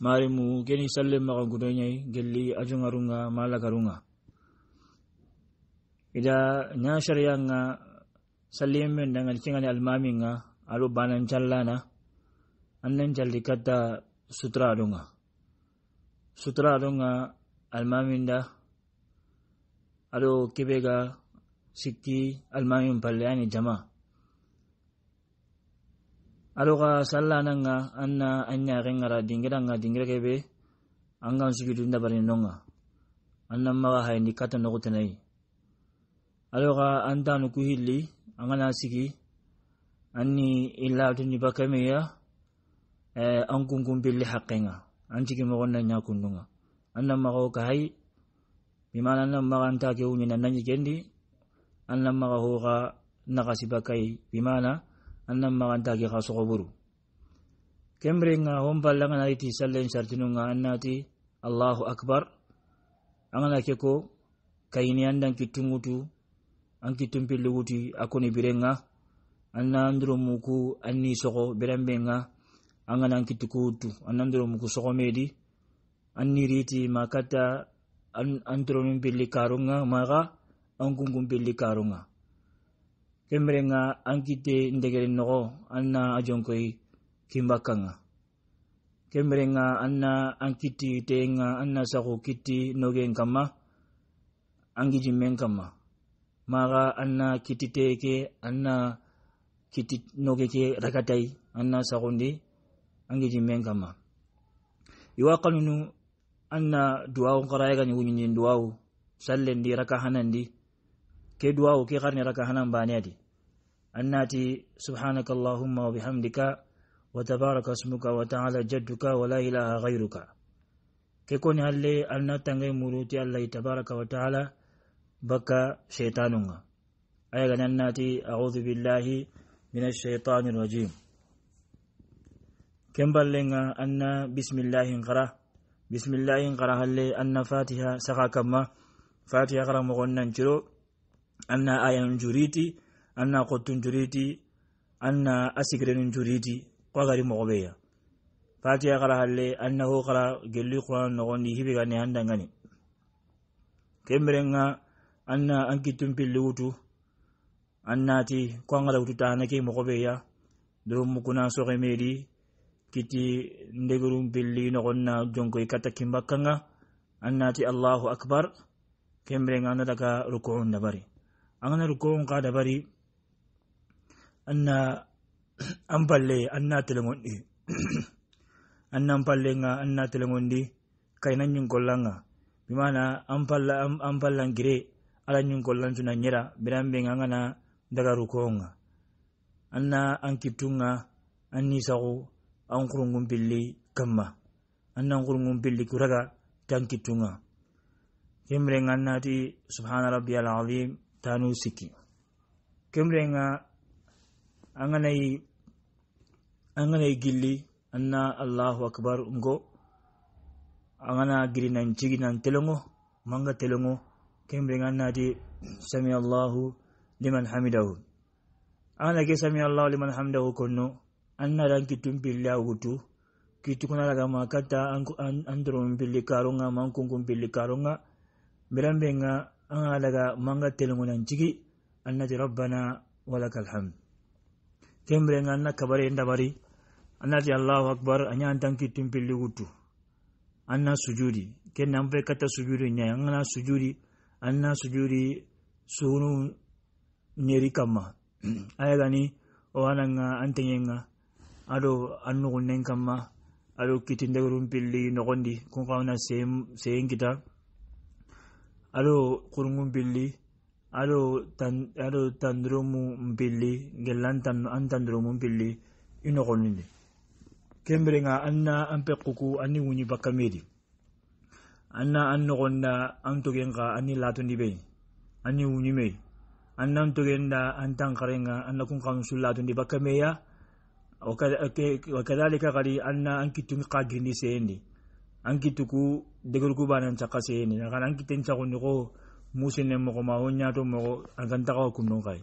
marimu geni sallim ma gudo nyai gelli ajungarunga malagarunga ida nya sharya nga sallim men nga kingani almami alu banan challana annan jaldi kata sutra adunga. sutra adunga almaminda alu kibega sikki almamin palyani jama. aɗoxa sallananga anna an nga dingiranga dingira keɓe angan sugidu ndabarini nonga annan maxa hayindi katta noxutenayi aɗoxa antanu ku hilli angana sigi an ni anni illatuni bakameya e, an kunkun pilli na an cigi moxonna ñakundunga annan maxo ka hayi. bimana annan maxa ta ke wuñina nanñikendi annan maxa hoxa naxasi bakayi bimana annan makan tak kaso kuburu kemre nga homba langa na iti sallen sartinu nga allahu akbar angana ke ko kayini andan kitungutu an kitumpilli wuti akoni birenga anna andro muku anni soko birembe nga angana an kitukutu anna andro muku soko medi anni riti makata an andro mumpilli karunga maka angkung kungumpilli karunga kemrenga ankite ndegere noko anna ajonkoi kimbakanga nga anna ankiti nga anna sako kiti noge kama angijimen kama maga anna kiti teke anna kiti noge ke rakatai anna sagondi angijimen kama iwa kanunu anna duwawu karayagani wuñinin duwawu sallendi raka hanandi ke duwawo ke xarne raka hanan baneyati annati subhanaka allahumma wa bihamdika wa tabaraka ismuka wa taala jadduka wa la ilaha gayruka ke koni halle alna tangay muruti allahi tabaraka wa taala bakka sheitanunga ayagani annati audu billahi min alshaitani irrajim ken ballenga anna bisimillahin xara bisimillahin xara halle anna fatiha saxa kamma fatiha xara moxon nanciro anna ayan juriti anna qottun juriti anna asigirenin juriti kogari mogo be ya fatiya kala halle annaho kara gelli qur'an nogondi hibe gani handangani kemberenga anna an kittun pilli wutu kwa ngala wutu tahana ke mogo be ya dorum mukuna soxe medi kiti ndegerum pilli nogonna jonkoy katta kimbakkanga annati allahu akbar kemberenga annataka rukuun nabari അങ്ങനെ ഒരു കോം കാദബരി അന്ന അമ്പല്ലെ അന്നാത്തിലെ മൊണ്ടി അന്ന അമ്പല്ലെങ്ങ അന്നാത്തിലെ മൊണ്ടി കൈനഞ്ഞും കൊല്ലങ്ങ വിമാന അമ്പല്ല അമ്പല്ലങ്കിരെ അലഞ്ഞും കൊല്ലം ചുനഞ്ഞിര ബിരാമ്പിങ് അങ്ങനെ ദകാറു കോങ്ങ അന്ന അങ്കിറ്റുങ്ങ അന്നി സഹു അങ്കുറുങ്ങും പില്ലി കമ്മ അന്ന അങ്കുറുങ്ങും പില്ലി കുറക ടങ്കിറ്റുങ്ങ എംരെങ് അന്നാതി സുഹാന റബ്ബി അൽ അലീം tanu siki an anganay anganay gilli anna allahu akbar ngo angana jigi nan telongo manga telongo na di sami allahu liman hamidahu angana ke sami allahu liman hamidahu konno anna ran kitun hutu awutu kitukuna daga makata an doron pilli karonga billi karunga mirambe nga. an halaga manga telungunan ciki annati rabbana walakal hamd kembere nga dabari kabare ndabari annati allahu akbar anya antanki timpilli wutu anna sujudi kenna mpe kata sujudi nya angana sujudi anna sujudi sunu nyeri kama gani o ananga antenyenga ado annugunnen kama ado kitindegurun pilli nogondi kun na seyen kita alo kurgu billi aɗo tan aɗo tandiromu pilli gella an tandiromu pilli i nogonindi kembirenga anna an pekkuku anni wuñi bakka medi anna an nogonna an togen ka anni latundi ɓey anni wuñi mey annan togenda an tankarenga anna kun kanu sullatundi bakka meya wa kadalika kadi anna an kittungi ka girindi seyendi anki tuku degel ku banan chakase ni kan anki ten chako ni ko musine mo ko mahonya to mo ko angan ta ko kunno kai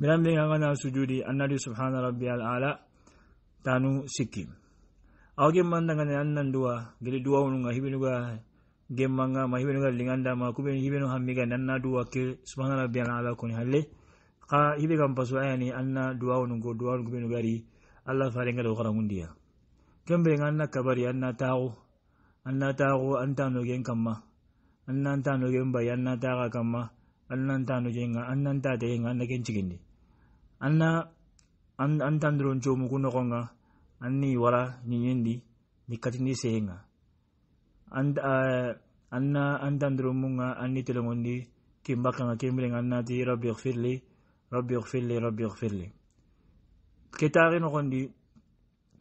miram de angana sujudi annali subhana rabbiyal ala tanu sikim awge mandanga ne annan dua gele duwa unu nga hibinu ga gem manga ga linganda ma ku ben hibinu hammi ga nanna duwa ke subhana rabbiyal ala kun halle ka hibe kam pasu ayani anna dua unu go duwa unu gari allah faringa do karamundiya kembe na kabari na an anna an na taxu antanogen kamma annantanogen na anna taxa kamma an na an ken cigindi anna antandiron coomu ku an ni wara ñiñendi ni ni katini seyenga anna antandiron munga anni telengondi kimbakanga kembirenga annati rabbi xfirli rabbi rabi rabbi xfirli ke taxi noxondi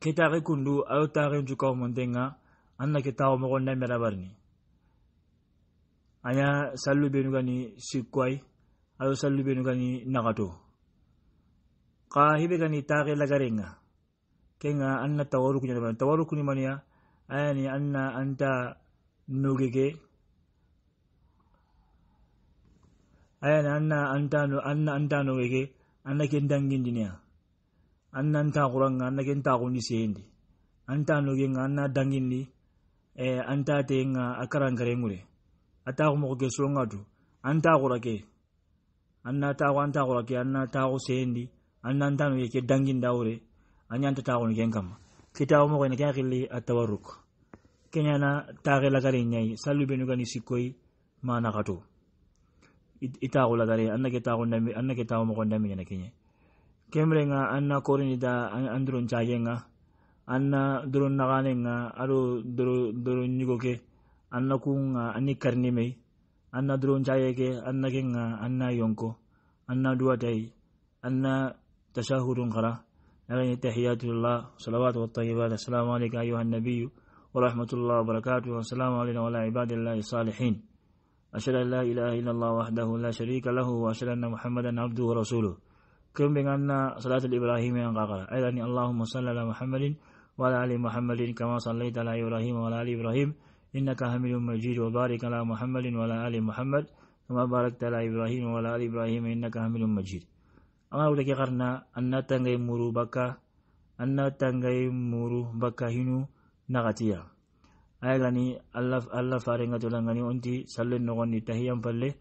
ke kundu ayo ta ke takin cukau montenga anna ketawo mogonda a anya sallu benu ni sikkwai ayo sallu benu ni nakato ka hibe gani ke lagarenga a anna tawaru kunyamani tawaru kunimaniya ayani anna anta nugege ayani anna anta anna anta nugege anna kendangindiniya an nan ta an nake ta an na anta nogenga an eh, ta te nga tenga akarangare ngure ata ko mogo gesonga du anta qurake anna ta ko ke an na ta ko sendi anna anta no yake dangin an anyanta ta ko ngen kama kita mo ko ne kakili atawarruk kenya na tare lagare nyai salu benu gani sikoi mana kato ita ko lagare anna ke ta ko na ke ta kuma ko ndami nyana kenya kemre nga anna korini da andron chaye nga anna durun nagane nga aru duru duru nyugo ke anna kung anni karni me anna durun chaye ke anna ke nga anna yonko anna dua dai anna tashahurun khara alayhi tahiyatullah salawat wa tayyibat assalamu alayka ayuha nabiyyu wa rahmatullah wa barakatuh assalamu alayna wa ala ibadillahi salihin ashhadu an la ilaha illallah wahdahu la sharika lahu wa ashhadu anna muhammadan abduhu wa rasuluhu كم بيننا صلاة الإبراهيم ينقاقر أيضاً اللهم صل على محمد وعلى آل محمد كما صليت على إبراهيم وعلى آل إبراهيم إنك حميد مجيد وبارك على محمد وعلى آل محمد كما باركت على إبراهيم وعلى آل إبراهيم إنك حميد مجيد أما أقول لك غرنا أن تنغي مرو بكا أن تنغي مرو بكا هنو نغتيا أيضاً الله فارغة لنغني أنت صلي النغني تهيام فلي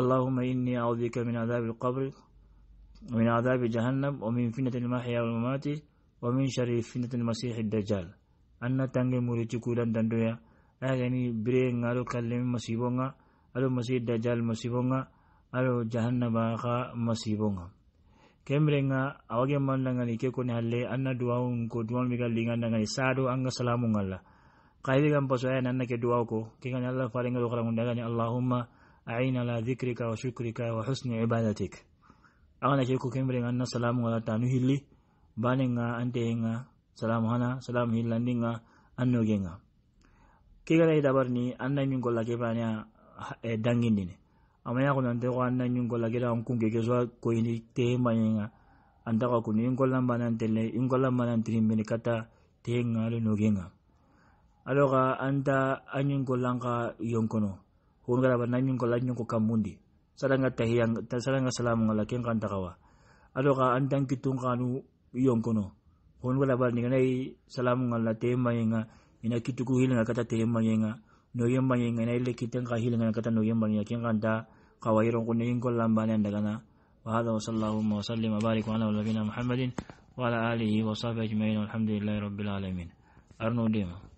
اللهم إني أعوذك من عذاب القبر ومن عذاب جهنم ومن فنة المحيا والممات ومن شر فنة المسيح الدجال أن تنجي مريتي كولا دندويا أغني برين ألو كلمة مسيبونا ألو مسيح الدجال مسيبونا ألو جهنم آخا مسيبونا كمرينا أوجي من لغني كيكون هلا أن دعوهم كدوان ميكا لينا لغني سادو أنغ سلامونا الله قايدي كم بسوا أنا أنك دعوك كيكون الله فارينغ دخلنا من دعاني اللهم أعين على ذكرك وشكرك وحسن عبادتك angana ke ko kembre ngan na salamu wala tanu hilli bane nga ante nga salamu hana salamu hillandi nga anno ge nga ke gara dabar ni anna min golla ke bane e dangindi ne amma ya ko nante ko anna min golla ke da kun ke ke so ko ini te manye nga anta ko kunu in golla banan tele in golla banan tri min kata te nga lo no ge nga aloga anta anyun gollanka yonkono hon gara ban nanyun golla nyun ko kamundi sadang tahiyang sadang salam ngalakin kan takawa Ado ka andang kitung kanu iyon kono hon wala bal ninga nai salam ngala tema nga ina kituku hil nga kata tema nga no yem ma nga nai le kitang ka hil nga kata no yem ma nga kin kan da kawairon kono ingo lamban nda kana wa hada sallallahu wa sallim barik wa ala nabina muhammadin wa ala alihi wa sahbihi ajma'in alhamdulillahi rabbil alamin arno dema